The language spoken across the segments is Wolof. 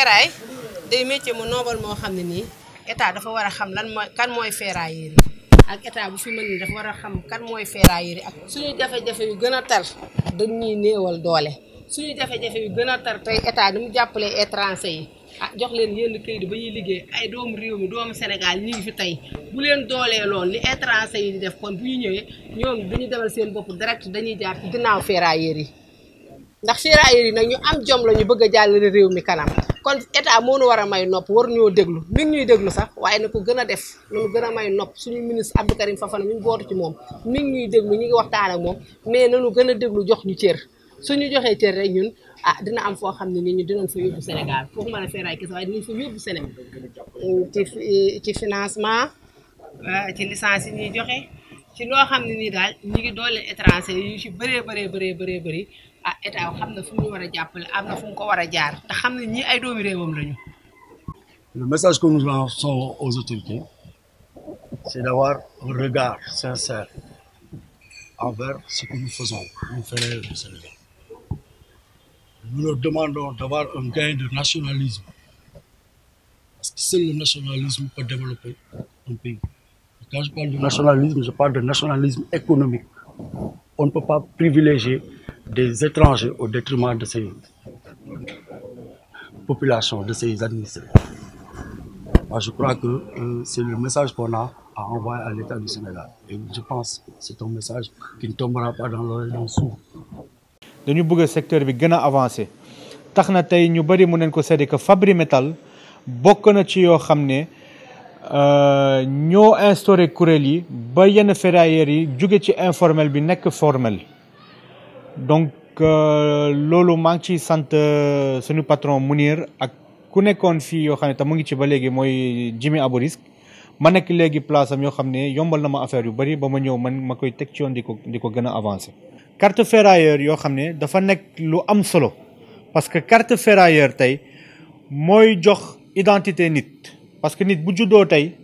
feeraay day métier mu noobal moo xam ne nii état dafa war a xam lan mooy kan mooy ferrailleur yi ak état bu fi mën ni dafa war a xam kan mooy ferrailleur yi ak suñu jafe-jafe yu gën a tar dañ ñuy néewal doole suñu jafe yu gën a tar tey état ni mu jàppalee étranger yi ah jox leen yenn këyit ba ñuy liggéey ay doomu réew mi doomu Sénégal ñu fi tey bu leen doolee lool li étranger yi di def kon bu ñu ñëwee ñoom dañu demal seen bopp direct dañuy jaar ci ginnaaw ferrailleur yi ndax ferrailleurs yi nag ñu am jom la ñu bëgg a jàllale réew mi kanam kon état moo nu war a may nopp war ñoo déglu mi ñuy déglu sax waaye na ko gën def lu gën may nopp suñu ministre Abdou Karim Fofana mi ngi bootu ci moom mi ngi ñuy déglu ñu ngi waxtaan moom mais nanu gën a déglu jox ñu cër ñu joxee cër rek ñun ah dina am foo xam ne nii ñu dinañ fa yóbbu Sénégal foofu mën a ferraille kese waaye dinañ fa yóbbu Sénégal ci ci financement ah, ci licence yi ñuy joxe ci loo xam ne nii daal ñu ngi doole étranger yu ci bëree bëree bëree bëree bëri ah état xam na fu ñu war a jàppale am na fu mu ko war a jaar te xam ne ñii ay doomi réewam lañu. le message que nous lançons aux autorités c'est d'avoir un regard sincère envers ce que nous faisons nous frères du Sénégal nous leur demandons d'avoir un gain de nationalisme parce que seul le nationalisme peut développer un pays. Quand je parle de nationalisme, je parle de nationalisme économique. On ne peut pas privilégier des étrangers au détriment de ces populations, de ces administrés. je crois que euh, c'est le message qu'on a à envoyer à l'État du Sénégal. Et je pense que c'est un message qui ne tombera pas dans l'oreille d'un sourd. dañu bëgg secteur bi gën avancé Nous avons ñu Fabri ñoo instauré kuréel yi ba yenn ferrailleurs yi jóge ci informel bi nekk formel donc euh, loolu maa ngi ciy sant euh, sunu patron Mounir ak ku nekkoon fii yoo xam ne tam mu ngi ci ba léegi mooy Jimmy Aboris ma nekk léegi place am yoo xam ne yombal na ma affaire yu bari ba ma ñëw man ma koy teg ci yoon di ko di gën a avancé. carte ferrailleur yoo xam ne dafa nekk lu am solo parce que carte ferrailleur tey mooy jox identité nit. parce que nit bu juddoo tay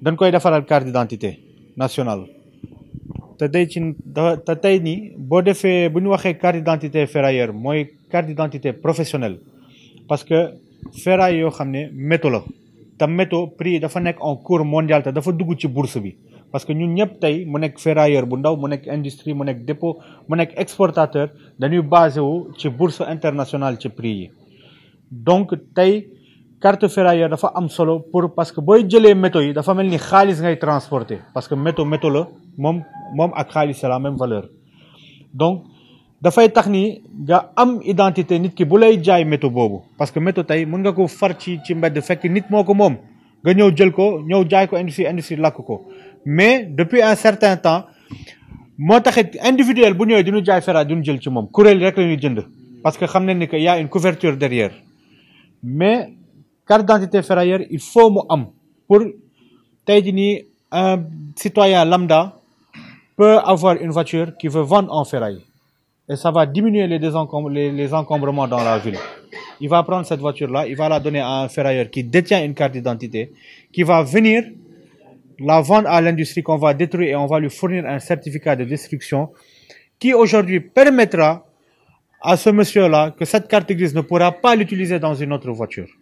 dañ koy defaral carte d'identité nationale te tey ci ta tay ni bo defee buñ waxé carte d'identité ferrailleur moy carte d'identité professionnelle parce que ferraille yo xamné ne métaux la ta métaux prix dafa nek en cours mondial ta dafa dugg ci bourse bi parce que ñun ñep tay mu nek ferrailleur bu ndaw mu nek industrie mu nek dépôt mu nek exportateur dañuy basé wu ci bourse internationale ci prix yi donc tay carte ferrailleur dafa am solo pour parce que booy jëlee métaux yi dafa mel ni xaalis ngay transporter parce que métaux métaux la moom moom ak xaalis la même valeur donc dafay tax ni nga am identité nit ki bu lay jaay métaux boobu parce que métaux tey mën nga ko far ci ci mbedd fekk nit moo ko moom nga ñëw jël ko ñëw jaay ko industrie industrie lakk ko mais depuis un certain temps moo taxit individuel bu ñëwee duñu jaay ferraille duñu jël ci moom kuréel rek la jënd parce que xam nañ ni que y a une carte d'identité ferrailleur il faut pour Taïdini, un citoyen lambda peut avoir une voiture qui veut vendre en ferraille et ça va diminuer les, les, encombrements dans la ville. Il va prendre cette voiture-là, il va la donner à un ferrailleur qui détient une carte d'identité, qui va venir la vendre à l'industrie qu'on va détruire et on va lui fournir un certificat de destruction qui aujourd'hui permettra à ce monsieur-là que cette carte grise ne pourra pas l'utiliser dans une autre voiture.